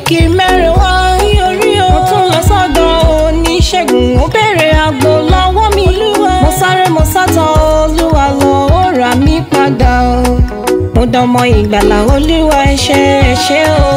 mílíkì mẹ́rin wá orí o. mo tún lọ sọ́dọ̀ oníṣègùn ó bèrè àgbo lọ́wọ́ mi. mo sáré mo sátọ̀ olúwa lọ ó rà mí padà o. mo dánmọ ìgbàlà olúwa ẹ ṣé ẹ ṣé o.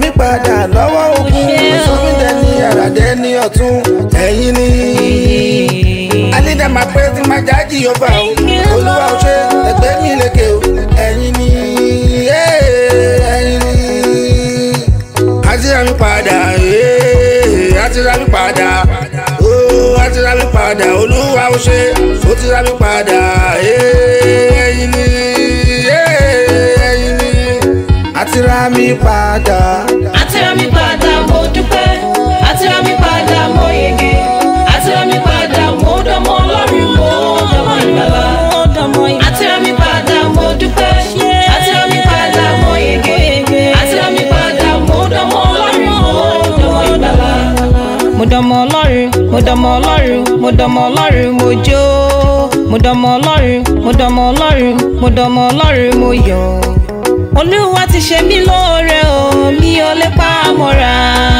mi padà lọ́wọ́ ogun sọ́mídẹ́ ní àràdé ní ọ̀tún ẹ̀yìn ni. alídà máa pẹ́ tí máa jájì ọba o olúwa ò ṣe ẹgbẹ́ mi lékè o ẹ̀yìn ni ẹ̀yìn ni. àti ra mi padà àti ra mi padà ó oh, àti ra mi padà olúwa ò ṣe ó ti ra mi padà. ra mi padà. àti ra mi padà mo dúpẹ́ àti ra mi padà mo yege àti ra mi padà mo dọmọ ọlọ́run mo dọmọ ìbàbà àti ra mi padà mo dúpẹ́ àti ra mi padà mo yege àti ra mi padà mo dọmọ ọlọ́run mo dọmọ ìbàbà. mo dọmọ ọlọ́run mo dọmọ ọlọ́run mo dọmọ ọlọ́run mo jó mo dọmọ ọlọ́run mo dọmọ ọlọ́run mo dọmọ ọlọ́run mo yọ̀ olúwa ti ṣe mí lóore o mi ò lè pa mọ́ra.